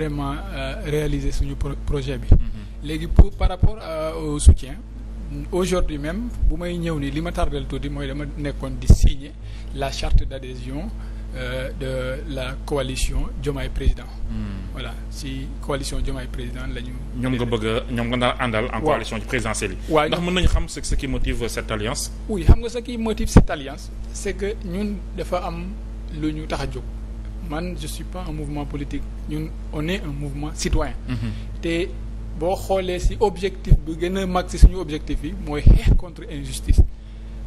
vraiment euh, réaliser suñu projet bi. Mm-hmm. léegi pour par rapport euh, au soutien. aujourd'hui même bu may ñëw nii li ma tardel tuuti mooy dama nekkoon di signer la charte d'adhésion euh, de la coalition Diomaye Président mm. voilà si coalition Diomaye Président la ñu ñoom nga bëgg ñoom nga nar àndal en coalition présidentielle yi waaye ndax mën nañu xam ce qui motive cette alliance oui xam nga sa qui motive cette alliance c'est que ñun dafa am lu ñu tax a jóg man je suis pas un mouvement politique ñun on est un mouvement citoyen mhm. te boo xoolee ci objectif bi gën a mag ci suñu objectif yi mooy xeex contre injustice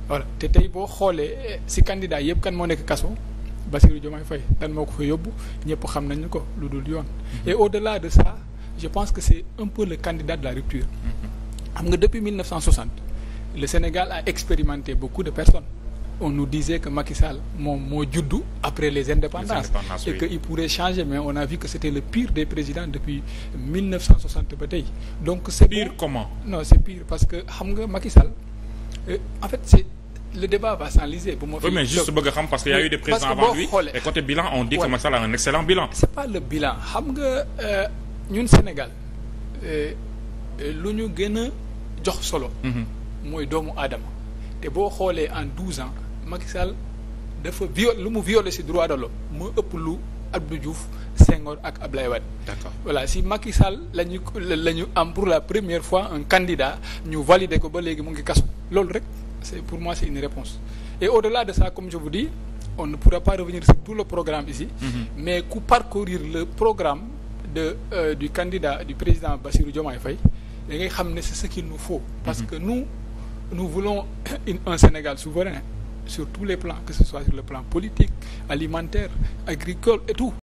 voilà te tey boo xoolee si eh, candidat yëpp kan moo nekk kaso Bassirou Diomaye fay dan moo ko fa yóbbu ñëpp xam nañu ko lu dul yoon mhm. et au-delà de ça je pense que c'est un peu le candidat de la rupture mhm. xam nga depuis 1960 le Sénégal a expérimenté beaucoup de personnes on nous disait que Macky Sall moom moo juddu après les indépendances, les indépendances et oui. que il pourrait changer mais on a vu que c'était le pire des présidents depuis 1960 ba tey donc c'est pire parce que xam nga Macky Sall euh, en fait c'est le débat va s'enliser bu ma fi. mais juste bëgg xam parce que y a eu des présidents avant lui et côté bilan on dit que Macky a un excellent bilan. c'est pas le bilan xam nga euh, ñun Sénégal euh, lu ñu gën a jox solo. Mhm. mooy doomu aadama te boo xoolee en douze ans Macky Sall dafa viol lu mu violé ci droit de l'homme moo ëpp lu Abdou Diouf Senghor ak Ablaye Wade. d'accord voilà si Macky Sall la ñu la ñu am pour la première fois un candidat ñu validé ko ba léegi mu ngi kasu loolu rek c'est pour moi c'est une réponse et au-delà de ça comme je vous dis on ne pourra pas revenir sur tout le programme ici. Mm-hmm. mais ku parcourir le programme de euh, du candidat du président Bassirou Diomaye Faye da ngay xam ne c'est ce qu'il nous faut. parce mm-hmm. que nous nous voulons une, un Sénégal souverain. sur tous les plans que ce soit sur le plan politique alimentaire agricole et tout